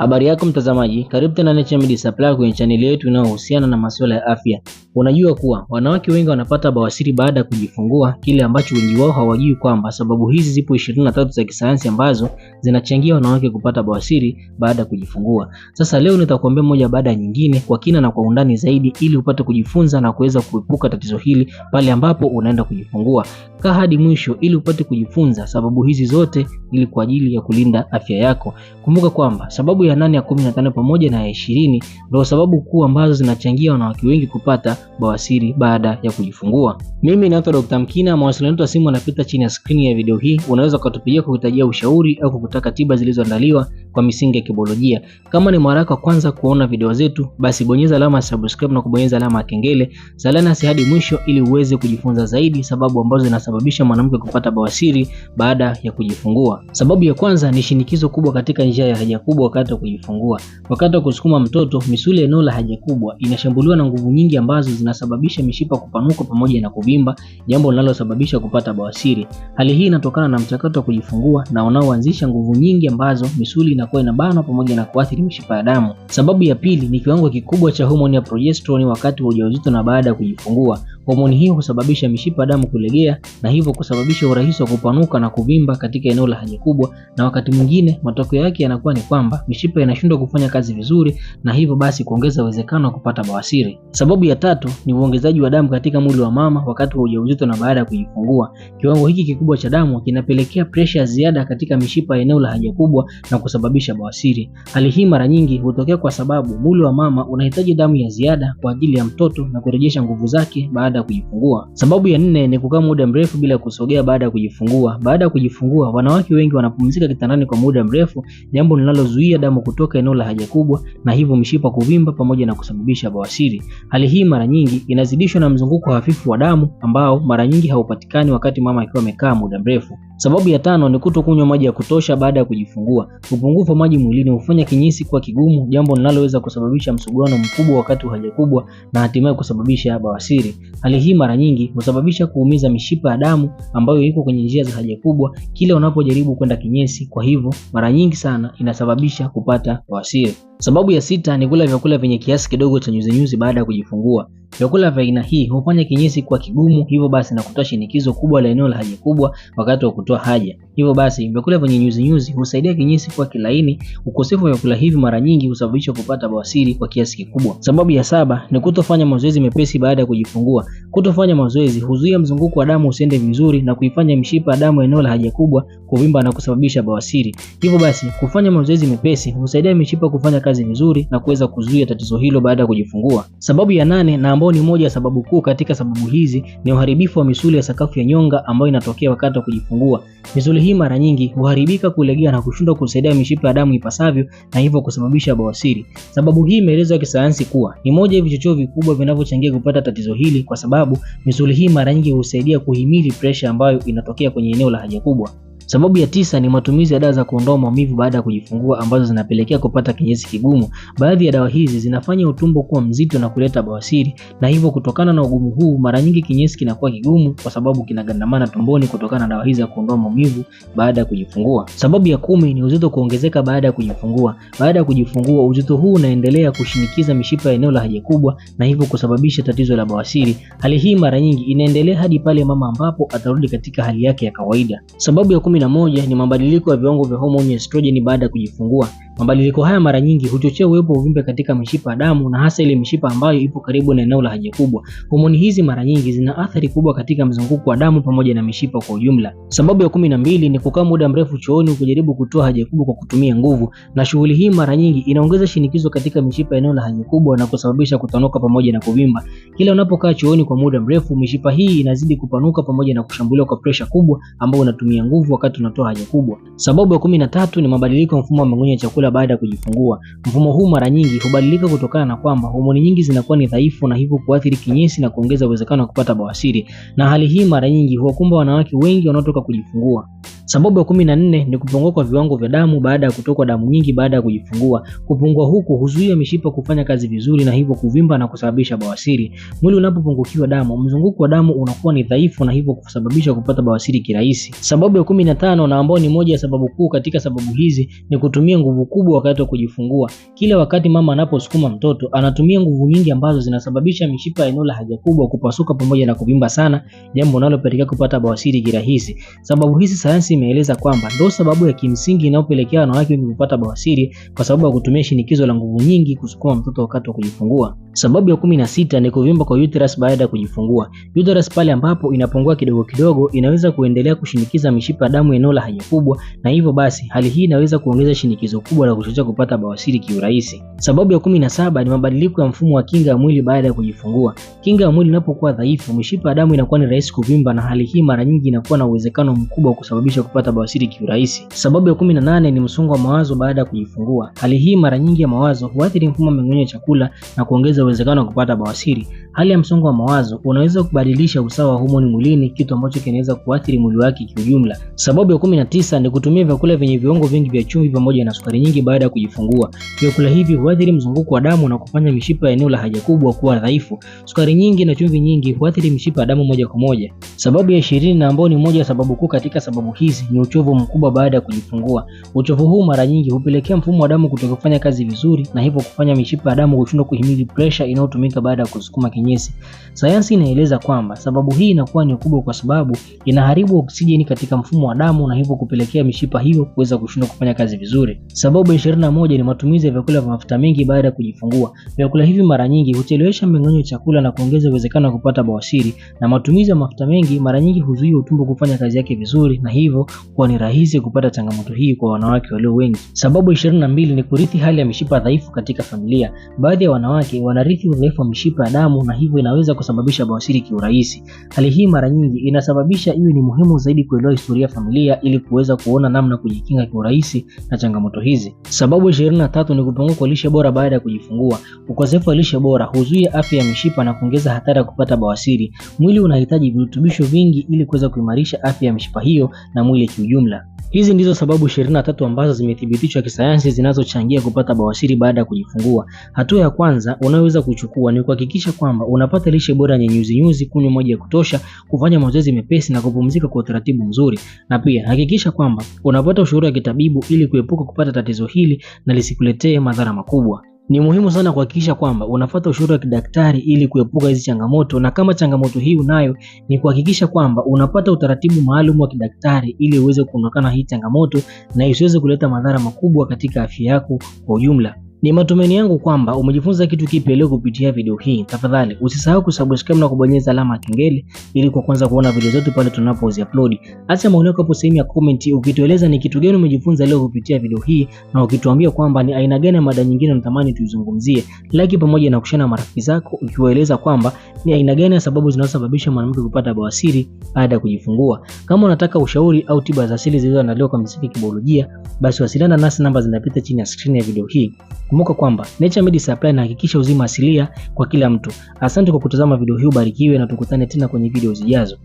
Habari yako mtazamaji, karibu tena NHMD Supply kwenye chaneli yetu inayohusiana na masuala ya afya. Unajua kuwa wanawake wengi wanapata bawasiri baada ya kujifungua, kile ambacho wengi wao hawajui kwamba sababu hizi zipo 23 za kisayansi ambazo zinachangia wanawake kupata bawasiri baada ya kujifungua. Sasa leo nitakuambia moja baada ya nyingine kwa kina na kwa undani zaidi, ili upate kujifunza na kuweza kuepuka tatizo hili pale ambapo unaenda kujifungua. Kaa hadi mwisho ili upate kujifunza sababu hizi zote, ili kwa ajili ya kulinda afya yako. Kumbuka kwamba sababu ya ya nane ya kumi na tano pamoja na ya ishirini ndio sababu kuu ambazo zinachangia wanawake wengi kupata bawasiri baada ya kujifungua. Mimi naitwa Dr. Mkina, mawasiliano yetu ya simu yanapita chini ya skrini ya video hii. Unaweza ukatupigia kukutajia ushauri au kukutaka tiba zilizoandaliwa kwa misingi ya kibiolojia. Kama ni mara yako kwanza kuona video zetu, basi bonyeza alama ya subscribe na kubonyeza alama ya kengele. Salia nasi hadi mwisho ili uweze kujifunza zaidi sababu ambazo zinasababisha mwanamke kupata bawasiri baada ya kujifungua. Sababu ya kwanza ni shinikizo kubwa katika njia ya haja kubwa wakati kujifungua. Wakati wa kusukuma mtoto, misuli ya eneo la haja kubwa inashambuliwa na nguvu nyingi ambazo zinasababisha mishipa kupanuka pamoja na kuvimba, jambo linalosababisha kupata bawasiri. Hali hii inatokana na mchakato wa kujifungua na unaoanzisha nguvu nyingi ambazo misuli inakuwa inabana pamoja na kuathiri mishipa ya damu. Sababu ya pili ni kiwango kikubwa cha homoni ya progesterone wakati wa ujauzito na baada ya kujifungua. Homoni hii husababisha mishipa damu kulegea na hivyo kusababisha urahisi wa kupanuka na kuvimba katika eneo la haja kubwa, na wakati mwingine matokeo yake yanakuwa ni kwamba mishipa inashindwa kufanya kazi vizuri, na hivyo basi kuongeza uwezekano wa kupata bawasiri. Sababu ya tatu ni uongezaji wa damu katika mwili wa mama wakati wa ujauzito na baada ya kujifungua. Kiwango hiki kikubwa cha damu kinapelekea presha ya ziada katika mishipa ya eneo la haja kubwa na kusababisha bawasiri. Hali hii mara nyingi hutokea kwa sababu mwili wa mama unahitaji damu ya ziada kwa ajili ya mtoto na kurejesha nguvu zake baada baada ya kujifungua. Sababu ya nne ni kukaa muda mrefu bila kusogea baada ya kujifungua. Baada ya kujifungua, wanawake wengi wanapumzika kitandani kwa muda mrefu, jambo linalozuia damu kutoka eneo la haja kubwa na hivyo mshipa kuvimba pamoja na kusababisha bawasiri. Hali hii mara nyingi inazidishwa na mzunguko hafifu wa damu ambao mara nyingi haupatikani wakati mama akiwa amekaa muda mrefu. Sababu ya tano ni kutokunywa maji ya kutosha baada ya kujifungua. Upungufu wa maji mwilini hufanya kinyesi kuwa kigumu, jambo linaloweza kusababisha msuguano mkubwa wakati wa haja kubwa na hatimaye kusababisha bawasiri. Hali hii mara nyingi husababisha kuumiza mishipa ya damu ambayo iko kwenye njia za haja kubwa kila unapojaribu kwenda kinyesi, kwa hivyo mara nyingi sana inasababisha kupata bawasiri. Sababu ya sita ni kula vyakula vyenye kiasi kidogo cha nyuzinyuzi baada ya kujifungua. Vyakula vya aina hii hufanya kinyesi kuwa kigumu, hivyo basi na kutoa shinikizo kubwa la eneo la haja kubwa wakati wa kutoa haja. Hivyo basi vyakula vyenye nyuzi nyuzi husaidia kinyesi kuwa kilaini. Ukosefu wa vyakula hivi mara nyingi husababisha kupata bawasiri kwa kiasi kikubwa. Sababu ya saba ni kutofanya mazoezi mepesi baada ya kujifungua. Kutofanya mazoezi huzuia mzunguko wa damu usiende vizuri na kuifanya mishipa ya damu eneo la haja kubwa kuvimba na kusababisha bawasiri. Hivyo basi kufanya mazoezi mepesi husaidia mishipa kufanya kazi vizuri na kuweza kuzuia tatizo hilo baada ya kujifungua. Sababu ya nane na ambao ni moja ya sababu kuu katika sababu hizi ni uharibifu wa misuli ya sakafu ya nyonga ambayo inatokea wakati wa kujifungua. Misuli hii mara nyingi huharibika, kulegea na kushindwa kusaidia mishipa ya damu ipasavyo na hivyo kusababisha bawasiri. Sababu hii imeelezwa kisayansi kuwa ni moja ya vichocheo vikubwa vinavyochangia kupata tatizo hili, kwa sababu misuli hii mara nyingi husaidia kuhimili presha ambayo inatokea kwenye eneo la haja kubwa. Sababu ya tisa ni matumizi ya dawa za kuondoa maumivu baada ya kujifungua ambazo zinapelekea kupata kinyesi kigumu. Baadhi ya dawa hizi zinafanya utumbo kuwa mzito na kuleta bawasiri, na hivyo kutokana na ugumu huu, mara nyingi kinyesi kinakuwa kigumu kwa sababu kinagandamana tumboni kutokana na dawa hizi za kuondoa maumivu baada ya kujifungua. Sababu ya kumi ni uzito kuongezeka baada ya kujifungua. Baada ya kujifungua, uzito huu unaendelea kushinikiza mishipa ya eneo la haja kubwa na hivyo kusababisha tatizo la bawasiri. Hali hii mara nyingi inaendelea hadi pale mama ambapo atarudi katika hali yake ya kawaida. Sababu ya kumi 11 ni mabadiliko ya viwango vya homoni estrogen baada ya kujifungua Mabadiliko haya mara nyingi huchochea uwepo wa uvimbe katika mishipa ya damu na hasa ile mishipa ambayo ipo karibu na eneo la haja kubwa. Homoni hizi mara nyingi zina athari kubwa katika mzunguko wa damu pamoja na mishipa kwa ujumla. Sababu ya kumi na mbili ni kukaa muda mrefu chooni ukijaribu kutoa haja kubwa kwa kutumia nguvu, na shughuli hii mara nyingi inaongeza shinikizo katika mishipa eneo la haja kubwa na kusababisha kutanuka pamoja na kuvimba. Kila unapokaa chooni kwa muda mrefu, mishipa hii inazidi kupanuka pamoja na kushambuliwa kwa presha kubwa ambayo unatumia nguvu wakati unatoa haja kubwa. Sababu ya kumi na tatu ni mabadiliko ya mfumo wa mmeng'enyo wa chakula mara baada ya kujifungua. Mfumo huu mara nyingi hubadilika kutokana na kwamba homoni nyingi zinakuwa ni dhaifu na hivyo kuathiri kinyesi na kuongeza uwezekano wa kupata bawasiri, na hali hii mara nyingi huwakumba wanawake wengi wanaotoka kujifungua. Sababu ya kumi na nne ni kupungua kwa viwango vya damu baada ya kutokwa damu nyingi baada ya kujifungua. Kupungua huku huzuia mishipa kufanya kazi vizuri na hivyo kuvimba na kusababisha bawasiri. Mwili unapopungukiwa damu, mzunguko wa damu unakuwa ni dhaifu na hivyo kusababisha kupata bawasiri kirahisi. Sababu ya kumi na tano na ambayo ni moja ya sababu kuu katika sababu hizi ni kutumia nguvu kubwa wakati wa kujifungua. Kila wakati mama anaposukuma mtoto anatumia nguvu nyingi ambazo zinasababisha mishipa ya eneo la haja kubwa kupasuka pamoja na kuvimba sana, jambo linalopelekea kupata bawasiri kirahisi. Sababu hizi sayansi imeeleza kwamba ndo sababu ya kimsingi inayopelekea wanawake wengi kupata bawasiri kwa sababu ya kutumia shinikizo la nguvu nyingi kusukuma mtoto wakati wa kujifungua. Sababu ya kumi na sita ni kuvimba kwa uterus baada ya kujifungua. Uterus pale ambapo inapungua kidogo kidogo, inaweza kuendelea kushinikiza mishipa ya damu eneo la haja kubwa, na hivyo basi hali hii inaweza kuongeza shinikizo kubwa la kuchochea kupata bawasiri kiurahisi. Sababu ya kumi na saba ni mabadiliko ya mfumo wa kinga ya mwili baada ya kujifungua. Kinga ya mwili inapokuwa dhaifu, mishipa ya damu inakuwa ni rahisi kuvimba, na hali hii mara nyingi inakuwa na uwezekano mkubwa wa kusababisha kupata bawasiri kiurahisi. Sababu ya kumi na nane ni msongo wa mawazo baada ya kujifungua. Hali hii mara nyingi ya mawazo huathiri mfumo wa mmeng'enyo wa chakula na kuongeza uwezekano wa kupata bawasiri. Hali ya msongo wa mawazo unaweza kubadilisha usawa wa homoni mwilini, kitu ambacho kinaweza kuathiri mwili wake kiujumla. Sababu ya kumi na tisa ni kutumia vyakula vyenye viungo vingi vya chumvi pamoja na sukari nyingi baada ya kujifungua. Vyakula hivi huathiri mzunguko wa damu na kufanya mishipa ya eneo la haja kubwa kuwa dhaifu. Sukari nyingi na chumvi nyingi huathiri mishipa ya damu moja kwa moja. Sababu ya ishirini na ambayo ni moja ya sababu kuu katika sababu hii hizi ni uchovu mkubwa baada ya kujifungua. Uchovu huu mara nyingi hupelekea mfumo wa damu kutokufanya kazi vizuri na hivyo kufanya mishipa ya damu kushindwa kuhimili pressure inayotumika baada ya kusukuma kinyesi. Sayansi inaeleza kwamba sababu hii inakuwa ni kubwa kwa sababu inaharibu oksijeni katika mfumo wa damu na hivyo kupelekea mishipa hiyo kuweza kushindwa kufanya kazi vizuri. Sababu ishirini moja ni matumizi ya vyakula vya mafuta mengi baada ya kujifungua. Vyakula hivi mara nyingi huchelewesha mmeng'enyo wa chakula na kuongeza uwezekano wa kupata bawasiri, na matumizi ya mafuta mengi mara nyingi huzuia utumbo kufanya kazi yake vizuri na hivyo hivyo kuwa ni rahisi kupata changamoto hii kwa wanawake walio wengi. Sababu 22 ni kurithi hali ya mishipa dhaifu katika familia. Baadhi ya wanawake wanarithi udhaifu wa mishipa ya damu na hivyo inaweza kusababisha bawasiri kiurahisi. Hali hii mara nyingi inasababisha iwe ni muhimu zaidi kuelewa historia ya familia ili kuweza kuona namna kujikinga kiurahisi na changamoto hizi. Sababu 23 ni kupungua kwa lishe bora baada ya kujifungua. Ukosefu wa lishe bora huzuia afya ya mishipa na kuongeza hatari ya kupata bawasiri. Mwili unahitaji virutubisho vingi ili kuweza kuimarisha afya ya mishipa hiyo na mwili kiujumla. Hizi ndizo sababu 23 ambazo zimethibitishwa kisayansi zinazochangia kupata bawashiri baada ya kujifungua. Hatua ya kwanza unayoweza kuchukua ni kuhakikisha kwamba unapata lishe bora yenye nyuzi nyuzi, kunywa maji ya kutosha, kufanya mazoezi mepesi na kupumzika kwa utaratibu mzuri. Na pia hakikisha kwamba unapata ushauri wa kitabibu ili kuepuka kupata tatizo hili na lisikuletee madhara makubwa. Ni muhimu sana kuhakikisha kwamba unafuata ushauri wa kidaktari ili kuepuka hizi changamoto, na kama changamoto hii unayo, ni kuhakikisha kwamba unapata utaratibu maalum wa kidaktari ili uweze kuondokana hii changamoto na isiweze kuleta madhara makubwa katika afya yako kwa ujumla. Ni matumaini yangu kwamba umejifunza kitu kipya leo kupitia video hii. Tafadhali usisahau kusubscribe na kubonyeza alama ya kengele ili kwa kwanza kuona video zetu pale tunapozi upload. Acha maoni yako hapo sehemu ya comment ukitueleza ni kitu gani umejifunza leo kupitia video hii na ukituambia kwamba ni aina gani ya mada nyingine unatamani tuizungumzie. Like pamoja na kushana marafiki zako ukiwaeleza kwamba ni aina gani ya sababu zinazosababisha mwanamke kupata bawasiri baada ya kujifungua. Kama unataka ushauri au tiba za asili zilizoandaliwa kwa misingi ya kibiolojia, basi wasiliana nasi, namba zinapita chini ya screen ya video hii. Kumbuka kwamba Naturemed Supply inahakikisha uzima asilia kwa kila mtu. Asante kwa kutazama video hii, ubarikiwe na tukutane tena kwenye video zijazo.